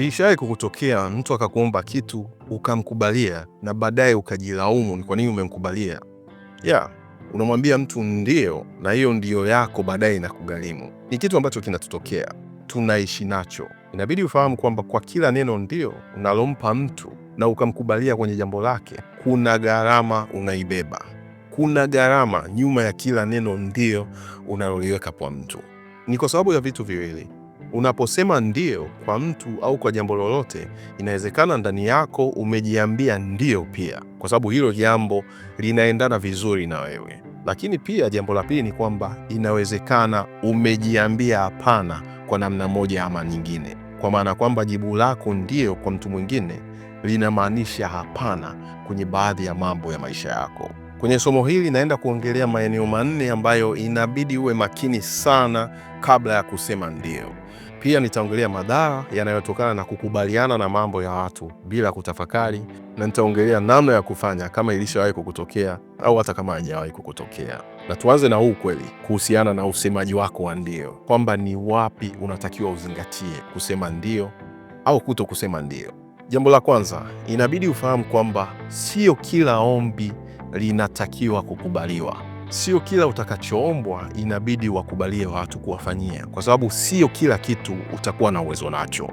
Ilishawahi kukutokea mtu akakuomba kitu ukamkubalia na baadaye ukajilaumu ni kwa nini umemkubalia? Yeah, unamwambia mtu ndio, na hiyo ndio yako baadaye inakugharimu. Ni kitu ambacho kinatutokea, tunaishi nacho. Inabidi ufahamu kwamba kwa kila neno ndio unalompa mtu na ukamkubalia kwenye jambo lake, kuna gharama unaibeba, kuna gharama nyuma ya kila neno ndio unaloliweka kwa mtu. Ni kwa sababu ya vitu viwili. Unaposema ndio kwa mtu au kwa jambo lolote, inawezekana ndani yako umejiambia ndio pia, kwa sababu hilo jambo linaendana vizuri na wewe. Lakini pia jambo la pili ni kwamba inawezekana umejiambia hapana kwa namna moja ama nyingine, kwa maana kwamba jibu lako ndio kwa mtu mwingine linamaanisha hapana kwenye baadhi ya mambo ya maisha yako. Kwenye somo hili naenda kuongelea maeneo manne ambayo inabidi uwe makini sana kabla ya kusema ndio. Pia nitaongelea madhara yanayotokana na kukubaliana na mambo ya watu bila kutafakari, na nitaongelea namna ya kufanya kama ilishawahi kukutokea au hata kama haijawahi kukutokea. Na tuanze na huu kweli, kuhusiana na usemaji wako wa ndio, kwamba ni wapi unatakiwa uzingatie kusema ndio au kuto kusema ndio. Jambo la kwanza, inabidi ufahamu kwamba sio kila ombi linatakiwa kukubaliwa sio kila utakachoombwa inabidi wakubalie watu kuwafanyia, kwa sababu sio kila kitu utakuwa na uwezo nacho.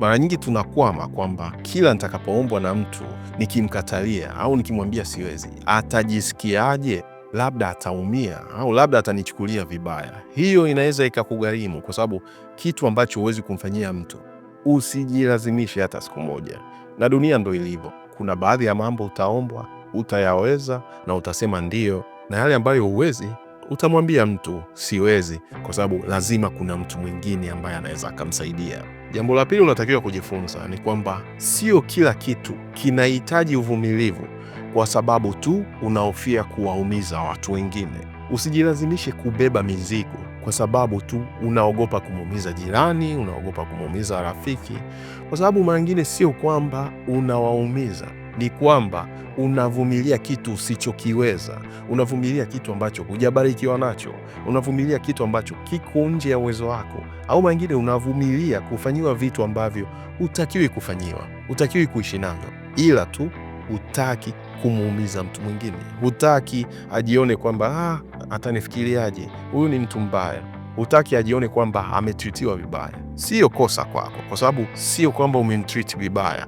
Mara nyingi tunakwama kwamba kila nitakapoombwa na mtu nikimkatalia au nikimwambia siwezi, atajisikiaje? Labda ataumia au labda atanichukulia vibaya. Hiyo inaweza ikakugharimu, kwa sababu kitu ambacho huwezi kumfanyia mtu usijilazimishe hata siku moja. Na dunia ndo ilivyo, kuna baadhi ya mambo utaombwa, utayaweza na utasema ndiyo na yale ambayo huwezi utamwambia mtu siwezi, kwa sababu lazima kuna mtu mwingine ambaye anaweza akamsaidia. Jambo la pili unatakiwa kujifunza ni kwamba sio kila kitu kinahitaji uvumilivu kwa sababu tu unahofia kuwaumiza watu wengine. Usijilazimishe kubeba mizigo kwa sababu tu unaogopa kumuumiza jirani, unaogopa kumuumiza rafiki, kwa sababu mara nyingine sio kwamba unawaumiza ni kwamba unavumilia kitu usichokiweza, unavumilia kitu ambacho hujabarikiwa nacho, unavumilia kitu ambacho kiko nje ya uwezo wako, au mengine unavumilia kufanyiwa vitu ambavyo hutakiwi kufanyiwa, hutakiwi kuishi navyo, ila tu hutaki kumuumiza mtu mwingine, hutaki ajione kwamba ah, atanifikiriaje huyu ni mtu mbaya, hutaki ajione kwamba ametritiwa vibaya. Siyo kosa kwako, kwa sababu sio kwamba umemtriti vibaya,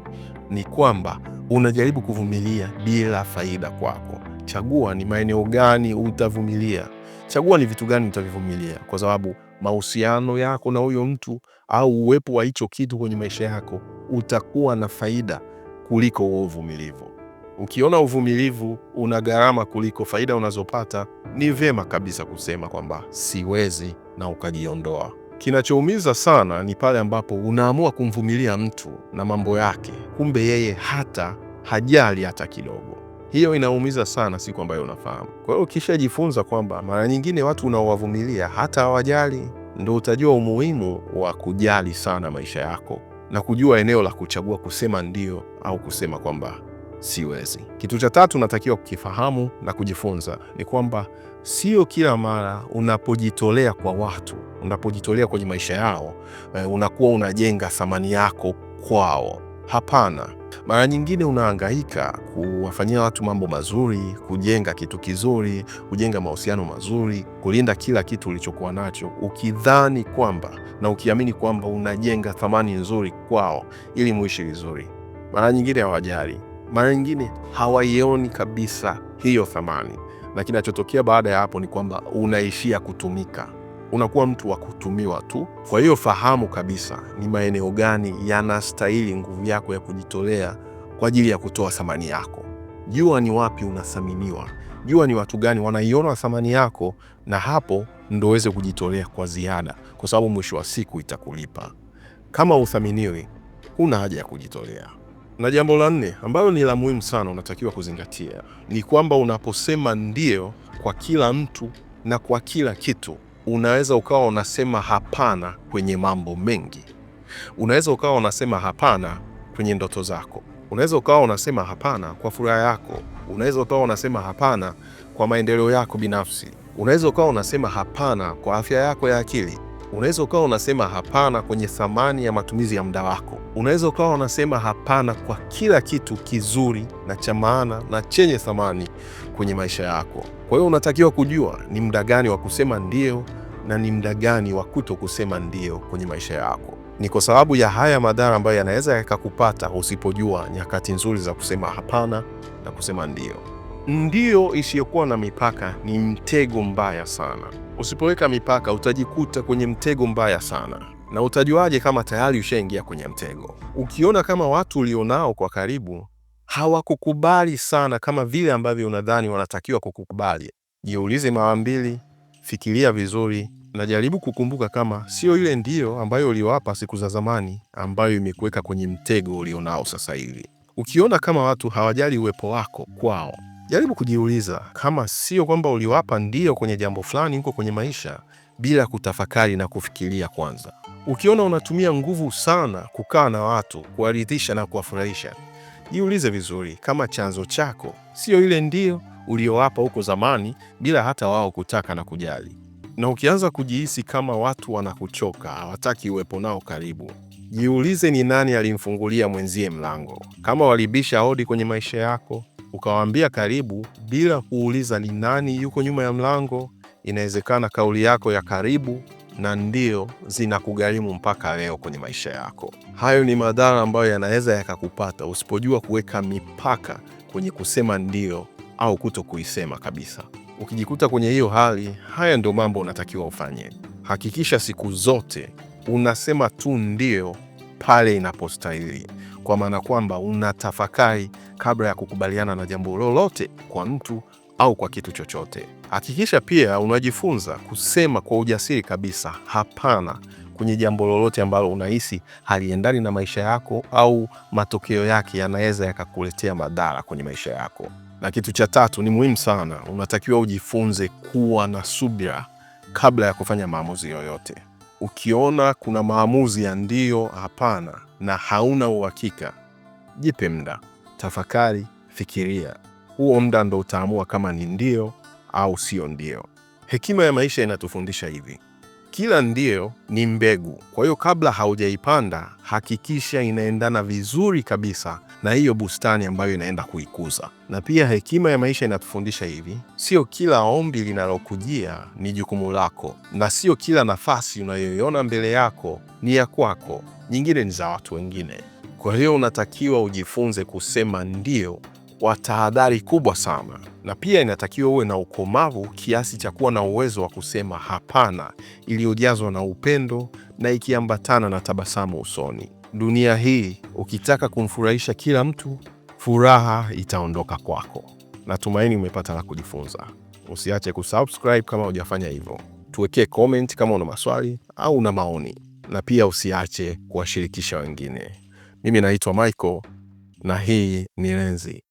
ni kwamba unajaribu kuvumilia bila faida kwako. Chagua ni maeneo gani utavumilia, chagua ni vitu gani utavivumilia, kwa sababu mahusiano yako na huyo mtu au uwepo wa hicho kitu kwenye maisha yako utakuwa na faida kuliko huo uvumilivu. Ukiona uvumilivu una gharama kuliko faida unazopata, ni vyema kabisa kusema kwamba siwezi na ukajiondoa. Kinachoumiza sana ni pale ambapo unaamua kumvumilia mtu na mambo yake, kumbe yeye hata hajali hata kidogo. Hiyo inaumiza sana siku ambayo unafahamu. Kwa hiyo ukishajifunza kwamba mara nyingine watu unaowavumilia hata hawajali, ndo utajua umuhimu wa kujali sana maisha yako na kujua eneo la kuchagua kusema ndio au kusema kwamba siwezi. Kitu cha tatu unatakiwa kukifahamu na kujifunza ni kwamba sio kila mara unapojitolea kwa watu, unapojitolea kwenye maisha yao, eh, unakuwa unajenga thamani yako kwao. Hapana, mara nyingine unaangaika kuwafanyia watu mambo mazuri, kujenga kitu kizuri, kujenga mahusiano mazuri, kulinda kila kitu ulichokuwa nacho, ukidhani kwamba na ukiamini kwamba unajenga thamani nzuri kwao ili muishi vizuri. Mara nyingine hawajali, mara nyingine hawaioni kabisa hiyo thamani, na kinachotokea baada ya hapo ni kwamba unaishia kutumika, unakuwa mtu wa kutumiwa tu. Kwa hiyo fahamu kabisa ni maeneo gani yanastahili nguvu yako ya kujitolea kwa ajili ya kutoa thamani yako. Jua ni wapi unathaminiwa, jua ni watu gani wanaiona thamani yako, na hapo ndo uweze kujitolea kwa ziada, kwa sababu mwisho wa siku itakulipa. Kama uthaminiwi, huna haja ya kujitolea. Na jambo la nne ambalo ni la muhimu sana unatakiwa kuzingatia ni kwamba unaposema ndio kwa kila mtu na kwa kila kitu, unaweza ukawa unasema hapana kwenye mambo mengi. Unaweza ukawa unasema hapana kwenye ndoto zako, unaweza ukawa unasema hapana kwa furaha yako, unaweza ukawa unasema hapana kwa maendeleo yako binafsi, unaweza ukawa unasema hapana kwa afya yako ya akili unaweza ukawa unasema hapana kwenye thamani ya matumizi ya muda wako. Unaweza ukawa unasema hapana kwa kila kitu kizuri na cha maana na chenye thamani kwenye maisha yako. Kwa hiyo unatakiwa kujua ni muda gani wa kusema ndio na ni muda gani wa kuto kusema ndio kwenye maisha yako. Ni kwa sababu ya haya madhara ambayo yanaweza yakakupata usipojua nyakati nzuri za kusema hapana na kusema ndio ndio isiyokuwa na mipaka ni mtego mbaya sana. Usipoweka mipaka, utajikuta kwenye mtego mbaya sana. Na utajuaje kama tayari ushaingia kwenye mtego? Ukiona kama watu ulionao kwa karibu hawakukubali sana kama vile ambavyo unadhani wanatakiwa kukukubali, jiulize mara mbili, fikiria vizuri na jaribu kukumbuka kama sio ile ndiyo ambayo uliowapa siku za zamani ambayo imekuweka kwenye mtego ulionao sasa hivi. Ukiona kama watu hawajali uwepo wako kwao Jaribu kujiuliza kama sio kwamba uliwapa ndio kwenye jambo fulani huko kwenye maisha bila kutafakari na kufikiria kwanza. Ukiona unatumia nguvu sana kukaa na watu kuwaridhisha na kuwafurahisha, jiulize vizuri kama chanzo chako sio ile ndio uliowapa huko zamani bila hata wao kutaka na kujali. Na ukianza kujihisi kama watu wanakuchoka, hawataki uwepo nao karibu, jiulize ni nani alimfungulia mwenzie mlango, kama walibisha hodi kwenye maisha yako ukawaambia karibu bila kuuliza ni nani yuko nyuma ya mlango, inawezekana kauli yako ya karibu na ndio zinakugharimu mpaka leo kwenye maisha yako. Hayo ni madhara ambayo yanaweza yakakupata usipojua kuweka mipaka kwenye kusema ndio au kuto kuisema kabisa. Ukijikuta kwenye hiyo hali, haya ndio mambo unatakiwa ufanye. Hakikisha siku zote unasema tu ndio pale inapostahili, kwa maana kwamba unatafakari kabla ya kukubaliana na jambo lolote kwa mtu au kwa kitu chochote. Hakikisha pia unajifunza kusema kwa ujasiri kabisa hapana kwenye jambo lolote ambalo unahisi haliendani na maisha yako au matokeo yake yanaweza yakakuletea madhara kwenye maisha yako. Na kitu cha tatu ni muhimu sana, unatakiwa ujifunze kuwa na subira kabla ya kufanya maamuzi yoyote. Ukiona kuna maamuzi ya ndio, hapana na hauna uhakika, jipe muda tafakari, fikiria. Huo muda ndo utaamua kama ni ndio au sio ndio. Hekima ya maisha inatufundisha hivi: kila ndio ni mbegu. Kwa hiyo kabla haujaipanda, hakikisha inaendana vizuri kabisa na hiyo bustani ambayo inaenda kuikuza. Na pia hekima ya maisha inatufundisha hivi: sio kila ombi linalokujia ni jukumu lako, na sio kila nafasi unayoiona mbele yako ni ya kwako. Nyingine ni za watu wengine. Kwa hiyo unatakiwa ujifunze kusema ndio kwa tahadhari kubwa sana, na pia inatakiwa uwe na ukomavu kiasi cha kuwa na uwezo wa kusema hapana, iliyojazwa na upendo na ikiambatana na tabasamu usoni. Dunia hii, ukitaka kumfurahisha kila mtu, furaha itaondoka kwako. Natumaini umepata la kujifunza. Usiache kusubscribe kama hujafanya hivyo, tuwekee comment kama una maswali au una maoni, na pia usiache kuwashirikisha wengine. Mimi naitwa Michael na hii ni Lenzi.